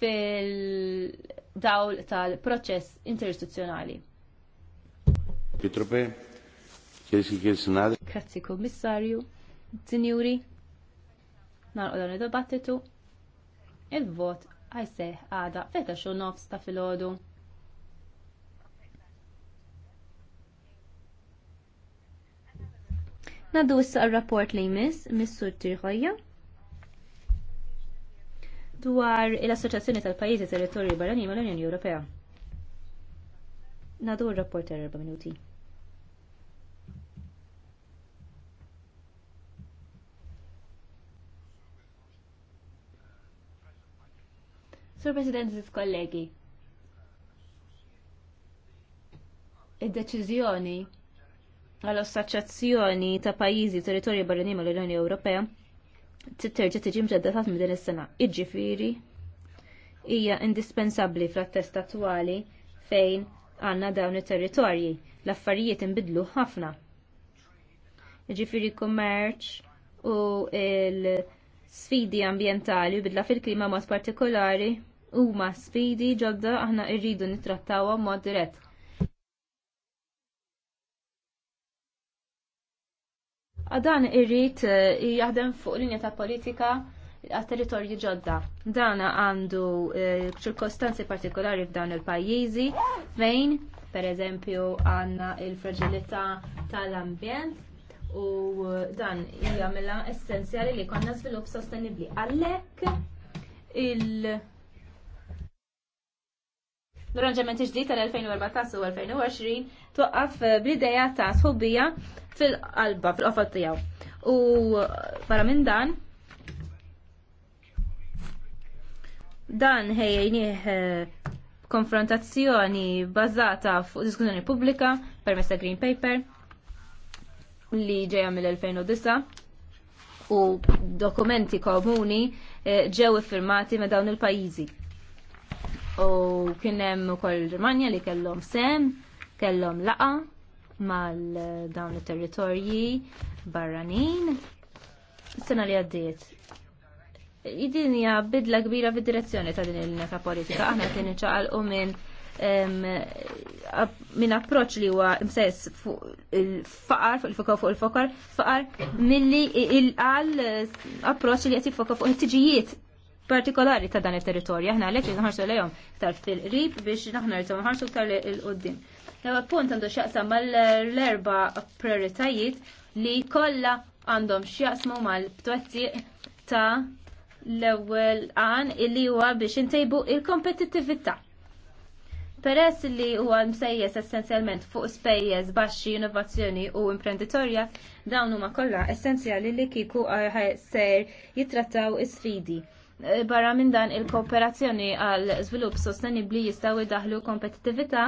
fil-dawl tal-proċess interistituzjonali. Pitrope, kiesi kiesi Grazzi kommissarju, sinjuri, narqo dan id-dibattitu, il-vot għajse għada feta xo nofs ta' fil-ħodu. Nadu issa r rapport li jmiss, missur tirħoja dwar l-Assoċjazzjoni tal-Pajjiżi Territorji Barranin mal-Unjoni Ewropea. Nadu r-rapporter erba' minuti. Sur President, ziz kollegi, id-deċiżjoni għall-Assoċjazzjoni ta' Pajjiżi Territorji Barranin mal-Unjoni Ewropea titterġa tiġi mġeddatat minn din is-sena. Iġġifieri hija indispensabbli fl-attest attwali fejn għandna dawn it-territorji. L-affarijiet inbidlu ħafna. Iġifieri kummerċ u l sfidi ambjentali u bidla fil-klima mod partikolari huma sfidi ġodda aħna rridu nittrattawha mod dirett Għadan irrit eh, jaħdem fuq linja ta' politika għat territorji ġodda. Dan għandu eh, ċirkostanzi partikolari f'dawn il-pajjiżi fejn, per eżempju, għanna il-fragilità tal-ambjent u eh, dan jgħamela essenzjali li konna svilup sostenibli. Għalhekk il- L-arranġament ġdid tal-2014 u 2020 twaqqaf eh, bl-ideja ta' sħobija fil-qalba, fil-qofat tiegħu. U eh, barra minn dan, dan ħejjejnieh eh, konfrontazzjoni bazzata fuq diskussjoni pubblika permezz ta' Green Paper li ġeja mill-2009 u dokumenti komuni ġew iffirmati ma' dawn il-pajjiżi u kienem u koll Ġermanja li kellhom sem, kellhom laqa mal dawn il-territorji barranin. Sena li għaddiet. id dinja bidla kbira fid-direzzjoni ta' din il neta politika. Aħna kien iċaqalqu minn minn approċ li huwa msess fuq il-faqar, fuq il-fokar fuq il-fokar, faqar milli il-qal approċ li qed jiffoka fuq it-tiġijiet partikolari ta' dan il-territorju. Aħna għalhekk li nħarsu lejhom ktar fil-qrib biex naħna rtom nħarsu ktar il-qudiem. Ewa punt għandu x'jaqsam mal-erba prioritajiet li kollha għandhom x'jaqsmu mal-twettiq ta' l-ewwel għan illi huwa biex intejbu il-kompetittività Peress li huwa msejjes essenzjalment fuq spejjeż baxxi innovazzjoni u imprenditorja, dawn huma kollha essenzjali li kieku eh, ser jittrattaw is-sfidi barra minn dan il-kooperazzjoni għal żvilupp sostenibbli jistgħu jdaħlu kompetittività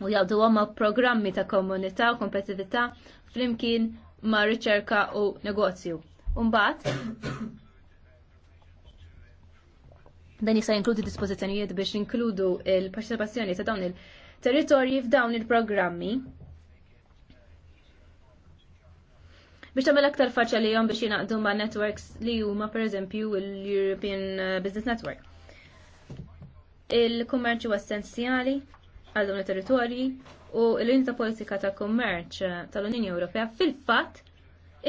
u jgħaddu għamma programmi ta' komunità u kompetittività flimkien ma' riċerka u negozju. Umbat, dan jista' jinkludi dispożizzjonijiet biex inkludu il-parċipazzjoni ta' dawn il-territorji f'dawn il-programmi biex tagħmel aktar faċa li jom biex jingħaqdu ma' networks li huma pereżempju l-European eh, Business Network. Il-kummerċ huwa essenzjali għal dawn it-territorji u l-unità politika ta' kummerċ eh, tal-Unjoni Ewropea fil-fatt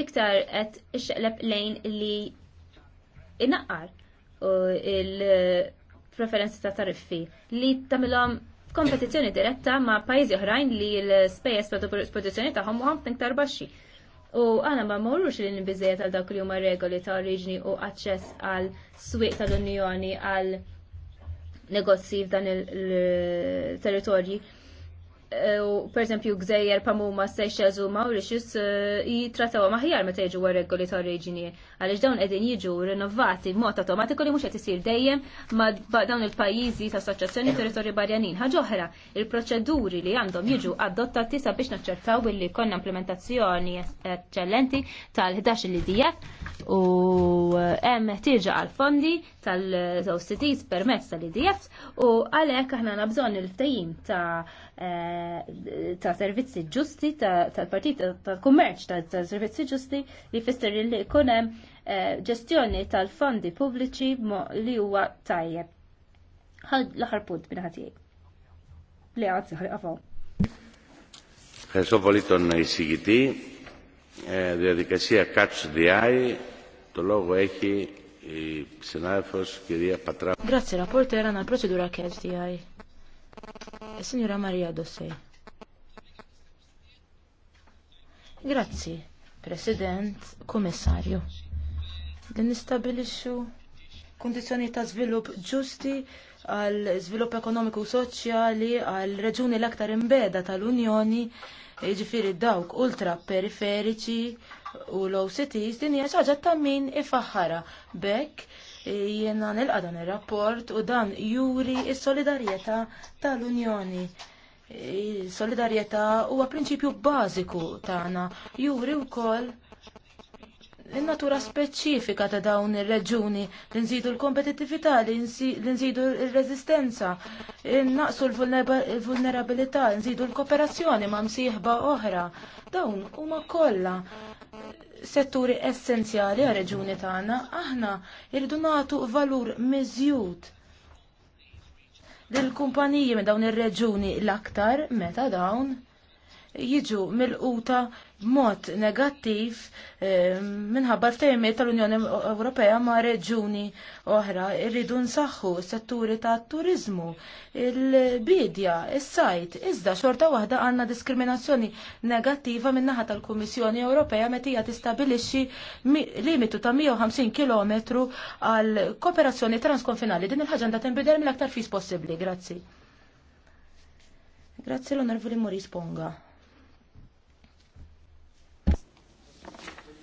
iktar qed ixqleb lejn li inaqqar eh, il-preferenzi ta' tariffi li tagħmilhom kompetizzjoni diretta ma' pajjiżi oħrajn li l-spejjeż ta' produzzjoni tagħhom huwa iktar baxxi. U għana ma morrux li nbiżejja għal dak li huma regoli ta' oriġni u aċċess għal swieq tal-Unjoni għal negozji f'dan il-territorji. il territorji u per esempio gżejjer pamuma Seychelles u Mauritius jitrataw eh, maħjar meta jiġu regoli ta' oriġini għaliex dawn qegħdin jiġu rinnovati b'mod automatiku li mhux qed isir dejjem ma' dawn il-pajjiżi ta' assoċjazzjoni territorju barjanin. Ħaġa oħra, il-proċeduri li għandhom jiġu adottati sabiex naċċertaw billi konna implementazzjoni eċċellenti tal-11 li dijat u eh, hemm tirġa' għal fondi tal-OCDs permess tal-IDFs u għalek aħna nabżon il-ftajim eh, ta' servizzi ġusti ta' partit ta' kummerċ ta' servizzi ġusti li jfisser li kunem eh, ġestjoni tal-fondi pubbliċi li huwa tajjeb. L-aħħar punt minn ħatijek. Li għad siħri għafaw. Ευχαριστώ πολύ τον εισηγητή. kaċ di għaj, the Eye. Το Grazie, rapportera, għanna l-procedura kħed ti għaj. E signora Maria Dossej. Grazzi, President, Commissario. Din nistabilixxu kondizjoni ta' żvilupp ġusti għal svilup ekonomiku u soċjali għal reġuni l-aktar imbeda tal-Unjoni, ġifiri dawk ultra periferiċi u l-OCTs din hija ħaġa ta' min ifaħħara. Bekk jiena nilqa dan ir-rapport u dan juri s-solidarjetà tal-Unjoni. Solidarjetà huwa prinċipju bażiku tagħna juri wkoll in-natura speċifika ta' dawn ir-reġuni li nżidu l-kompetittività, li nżidu r-reżistenza, naqsu l-vulnerabilità, nżidu l-kooperazzjoni ma' msieħba oħra. Dawn huma kollha setturi essenzjali għal reġuni tagħna, aħna irridu nagħtu valur miżjud lill-kumpaniji minn dawn ir-reġuni l-aktar meta dawn jiġu mill mod negattiv eh, minħabba l ftehimiet tal-Unjoni Ewropea ma' reġuni oħra. Irridu nsaħħu s-setturi ta' turizmu, il-bidja, is-sajt, iżda xorta waħda għandna diskriminazzjoni negattiva minnaħa tal-Kummissjoni Ewropea meta hija tistabilixxi limitu ta' 150 km għal kooperazzjoni transkonfinali. Din il-ħaġa għandha tinbidel mill-aktar fis possibbli. Grazzi. Grazzi l-Onorevoli Moris Ponga.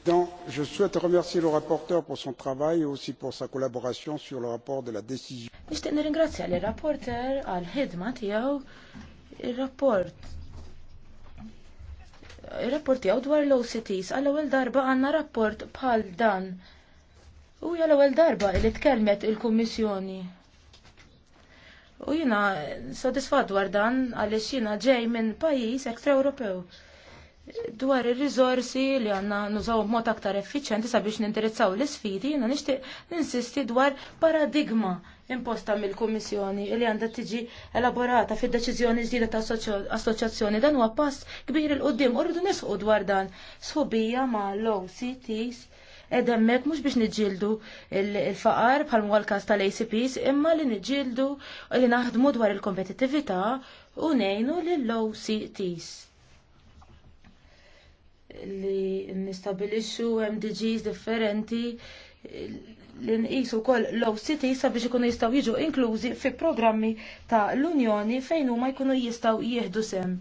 Dans, je souhaite remercier le rapporteur pour son travail et aussi pour sa collaboration sur le rapport de la décision. Nixtieq nirringrazzja l rapporter għal ħidma tiegħu ir-rapport. Ir-rapport tiegħu dwar l-OCTs għal ewwel darba għandna rapport bħal dan. U l ewwel darba li tkellmet il-Kummissjoni. U jiena sodisfat dwar dan għaliex jiena ġej minn pajjiż ekstra Ewropew dwar ir rizorsi li għanna nużaw mod aktar effiċenti sabiex nindirizzaw l-isfidi, jiena nixtieq ninsisti dwar paradigma imposta mill-Kummissjoni li għandha tiġi elaborata fid-deċiżjoni ġdida ta' assoċjazzjoni dan huwa pass kbir il qudiem u rridu nisqu dwar dan sħubija ma' l-OCTs edemmek mux mhux biex niġġieldu il-faqar bħal huwa kas każ tal-ACPs imma li niġġieldu li naħdmu dwar il kompetitivita u ngħinu lill-OCTs li nistabilixxu MDGs differenti li nqisu wkoll low cities sabiex ikunu jistgħu jiġu inklużi fi programmi ta' l-Unjoni fejn huma jkunu jistgħu jieħdu sem.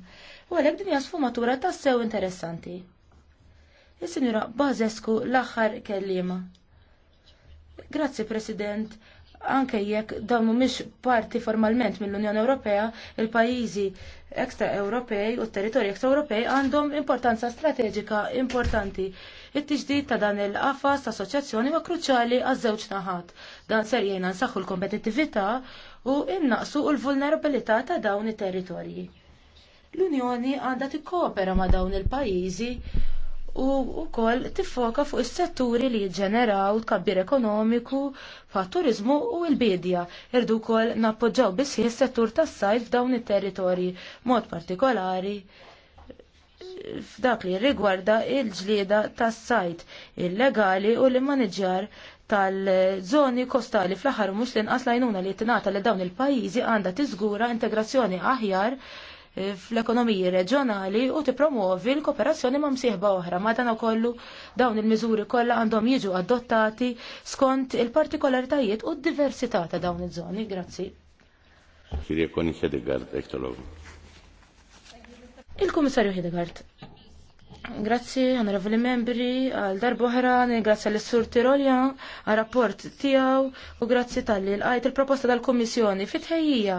U għalhekk din hija sfumatura ta' sew interessanti. Is-Sinjura Bazescu l-aħħar kelliema. Grazzi President anke jekk dawn mhumiex parti formalment mill-Unjoni Ewropea, il-pajjiżi ekstra Ewropej u t-territorji ekstra Ewropej għandhom importanza strateġika importanti. It-tiġdid ta' dan il-qafas ta' assoċjazzjoni ma' kruċjali għaż-żewġ naħat. Dan ser jgħinna nsaħħu l-kompetittività u innaqsu l-vulnerabilità ta' dawn it-territorji. L-Unjoni għandha tikkopera ma' dawn il-pajjiżi u wkoll tiffoka fuq is-setturi li jġeneraw tkabbir ekonomiku fa' turizmu u l-bidja. Irdu wkoll nappoġġaw biss is-settur tas-sajf f'dawn it-territorji mod partikolari f'dak li rigwarda il-ġlieda tas-sajt illegali u l-maniġjar tal-żoni kostali fl-aħħar mhux l-inqas lajnuna li tingħata li dawn il-pajjiżi għandha tiżgura integrazzjoni aħjar fl-ekonomiji reġjonali u tipromuovi l-kooperazzjoni ma' msieħba oħra. Madana kollu dawn il-miżuri kollha għandhom jiġu adottati skont il-partikolaritajiet u d-diversità ta' dawn iż-żoni. Grazzi. Il-Kummissarju Hidegard. Grazzi, onorevoli membri, għal darbohra, grazzi għal sur Tirolja, għal rapport tijaw, u grazzi tal-li l-għajt il-proposta tal-Komissjoni. Fitħejja,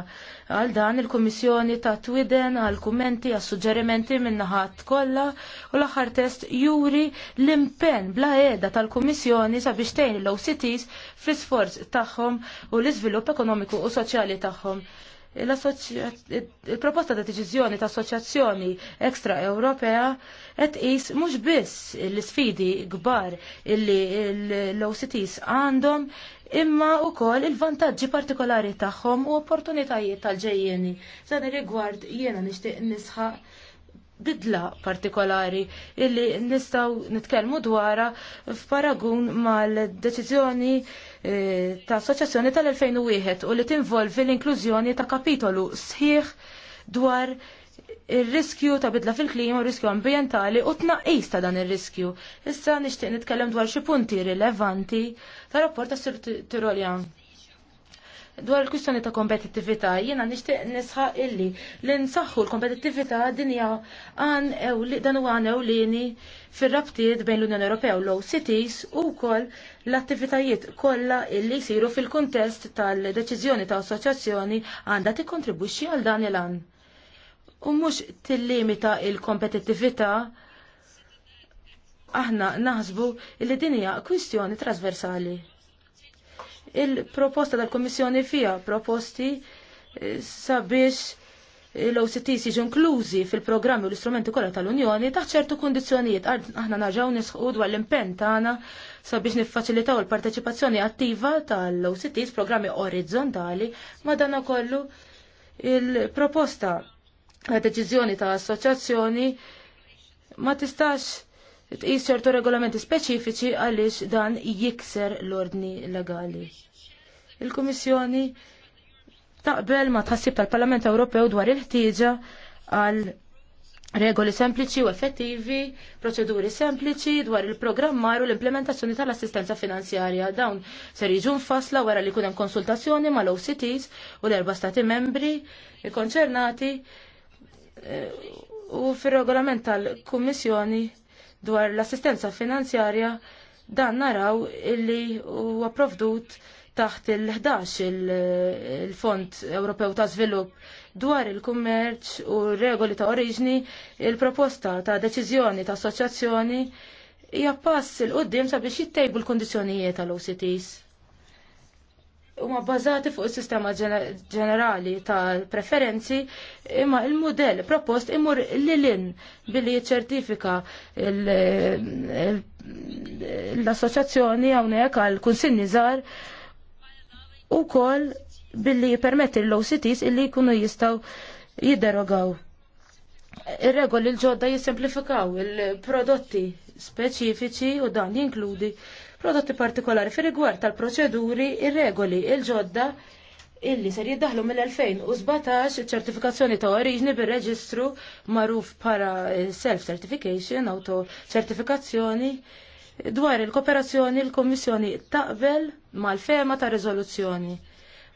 għal dan il-Komissjoni ta' twiden, għal kummenti, għal suġġerimenti minnaħat kolla, u l-axar test juri l-impen bla edha tal-Komissjoni sabiex tejn l-OCTs fl-sforz tagħhom u l izvilup ekonomiku u soċjali tagħhom il-proposta ta' deċiżjoni ta' assoċjazzjoni ekstra Ewropea qed qis mhux biss l-isfidi kbar illi l-OCTs għandhom imma wkoll il-vantaġġi partikolari tagħhom u opportunitajiet tal-ġejjeni. Dan ir-rigward jiena nixtieq nisħaq bidla partikolari illi nistaw nitkellmu dwara f'paragun mal-deċiżjoni eh, ta' assoċjazzjoni tal-2001 u li tinvolvi l-inklużjoni ta' kapitolu sħiħ dwar il-riskju ta' bidla fil-klima u riskju ambientali u tnaqqis ta' dan il-riskju. Issa nixtieq nitkellem dwar xi punti rilevanti ta' rapport ta' Sir Tirolian. Dwar il-kwistjoni ta' kompetittività, jiena nixtieq nisħaq illi li nsaħħu l-kompetittività dinja għan għan dan huwa għan ewlieni fir-rabtiet bejn l-Unjoni Ewropea u l-OCTs u wkoll l-attivitajiet kollha illi jsiru fil-kuntest tal-deċiżjoni ta' assoċjazzjoni għandha tikkontribwixxi għal dan il-għan. U mhux tillimita il-kompetittività aħna naħsbu illi din hija kwistjoni trasversali il-proposta tal-Komissjoni fija proposti eh, sabiex l-OCT siġu inklużi fil-programmi u l-istrumenti kollha tal-Unjoni taħt ċertu kundizzjonijiet aħna narġaw nisħu dwar l-impenn tagħna sabiex niffaċilitaw il-parteċipazzjoni attiva tal-OCTs programmi orizzontali ma dan kollu il-proposta ta' deċiżjoni ta' assoċjazzjoni ma tistax tqis ċertu regolamenti speċifiċi għaliex dan jikser l-ordni legali. Il-Kummissjoni taqbel ma tħassib tal-Parlament Ewropew dwar il-ħtieġa għal regoli sempliċi u effettivi, proċeduri sempliċi dwar il-programmar u l-implementazzjoni tal-assistenza finanzjarja. Dawn ser jiġu nfasla wara li kunem konsultazzjoni mal-OCTs u l-erba stati membri konċernati eh, u fil-regolament tal-Kummissjoni dwar l-assistenza finanzjarja dan naraw illi huwa provdut taħt il-11 il-Fond Ewropew ta' Svilupp dwar il-kummerċ u regoli ta' oriġni il-proposta ta' deċiżjoni ta' assoċjazzjoni hija pass il qudiem sabiex jittejbu l kondizjonijiet tal-OCTs huma bażati fuq is-sistema ġenerali tal-preferenzi imma il-modell propost imur lilin billi jiċċertifika l-assoċjazzjoni hawnhekk għal kunsinni żgħar ukoll billi jipermetti l-OCTs illi jkunu jistgħu jidderogaw. Ir-regoli l-ġodda jisimplifikaw il-prodotti speċifiċi u dan jinkludi prodotti partikolari fi rigward tal-proċeduri, ir-regoli, il ġodda illi ser jiddaħlu mill-2017 iċ-ċertifikazzjoni ta' oriġni bir-reġistru magħruf para eh, self-certification, auto ċertifikazzjoni dwar il-kooperazzjoni l-Kommissjoni taqbel mal-fema ta' riżoluzzjoni.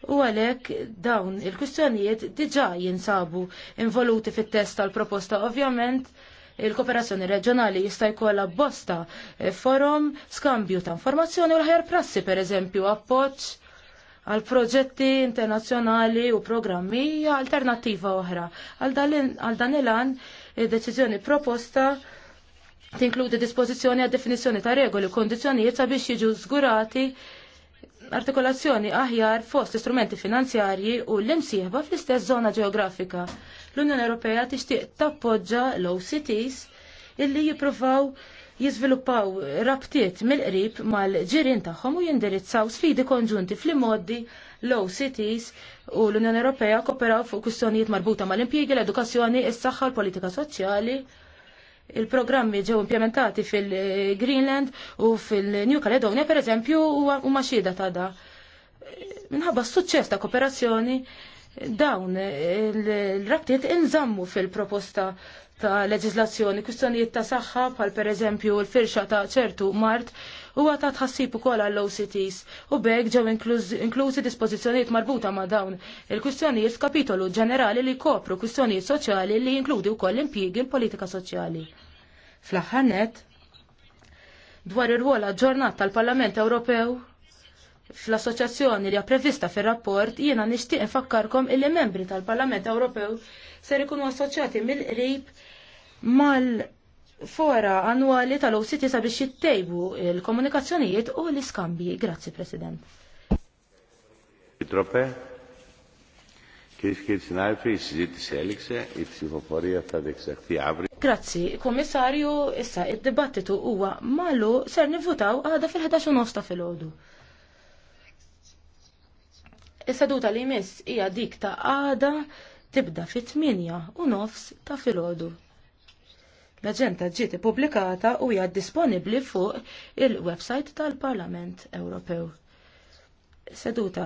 U għalek dawn il-kustjonijiet diġa jinsabu involuti fit-test tal-proposta ovvjament il-kooperazzjoni reġjonali jista' jkollha bosta eh, forum skambju ta' informazzjoni u l-ħajar prassi pereżempju appoġġ għal proġetti internazzjonali u programmi alternattiva oħra. Għal dan il-għan eh, deċiżjoni proposta tinkludi dispożizzjoni għad definizzjoni ta' regoli u kondizjonijiet sabiex jiġu żgurati artikolazzjoni aħjar fost istrumenti finanzjarji u l-imsieħba fl-istess zona ġeografika. L-Unjoni Ewropea tixtieq tappoġġa l-OCTs illi jippruvaw jiżviluppaw rabtiet mill-qrib mal-ġirien tagħhom u jindirizzaw sfidi konġunti fl-modi l-OCTs u l-Unjoni Ewropea kooperaw fuq kwistjonijiet marbuta mal-impjiegi, l-edukazzjoni, is-saħħa, l-politika soċjali il-programmi ġew implementati fil-Greenland u fil-New Caledonia, per eżempju, u maċida ta' da. Minħabba s-suċċess ta' kooperazzjoni dawn il-rabtiet inżammu fil-proposta ta' leġislazzjoni, kustonijiet ta' saħħa, pal per eżempju l-firxa ta' ċertu mart, huwa ta' tħassib ukoll għall-OCTs u bekk ġew inklużi dispożizzjonijiet marbuta ma' dawn il-kwistjonijiet kapitolu ġenerali li kopru kwistjonijiet soċjali li jinkludi wkoll impjiegi l-politika soċjali. Fl-aħħar dwar ir-rwol ġurnat tal-Parlament Ewropew fl-assoċjazzjoni li prevista fir-rapport jiena nixtieq infakkarkom illi membri tal-Parlament Ewropew ser ikunu assoċjati mill-qrib mal fora annuali tal-OCT sabiex jittejbu il-komunikazzjonijiet u l-iskambji. Grazzi, President. Troppe, kif kif snajfi, s-sidiet s-elikse, il-psifoforija ta' deksakti għabri. Grazzi, komissarju, issa id-dibattitu huwa malu ser nivvutaw għada fil-11 nosta fil-ħodu. Is-seduta li jmiss hija dik ta' għada tibda fit-8 u nofs ta' fil filgħodu. L-aġenda ġiet ippubblikata u hija disponibbli fuq il-website tal-Parlament Ewropew. Seduta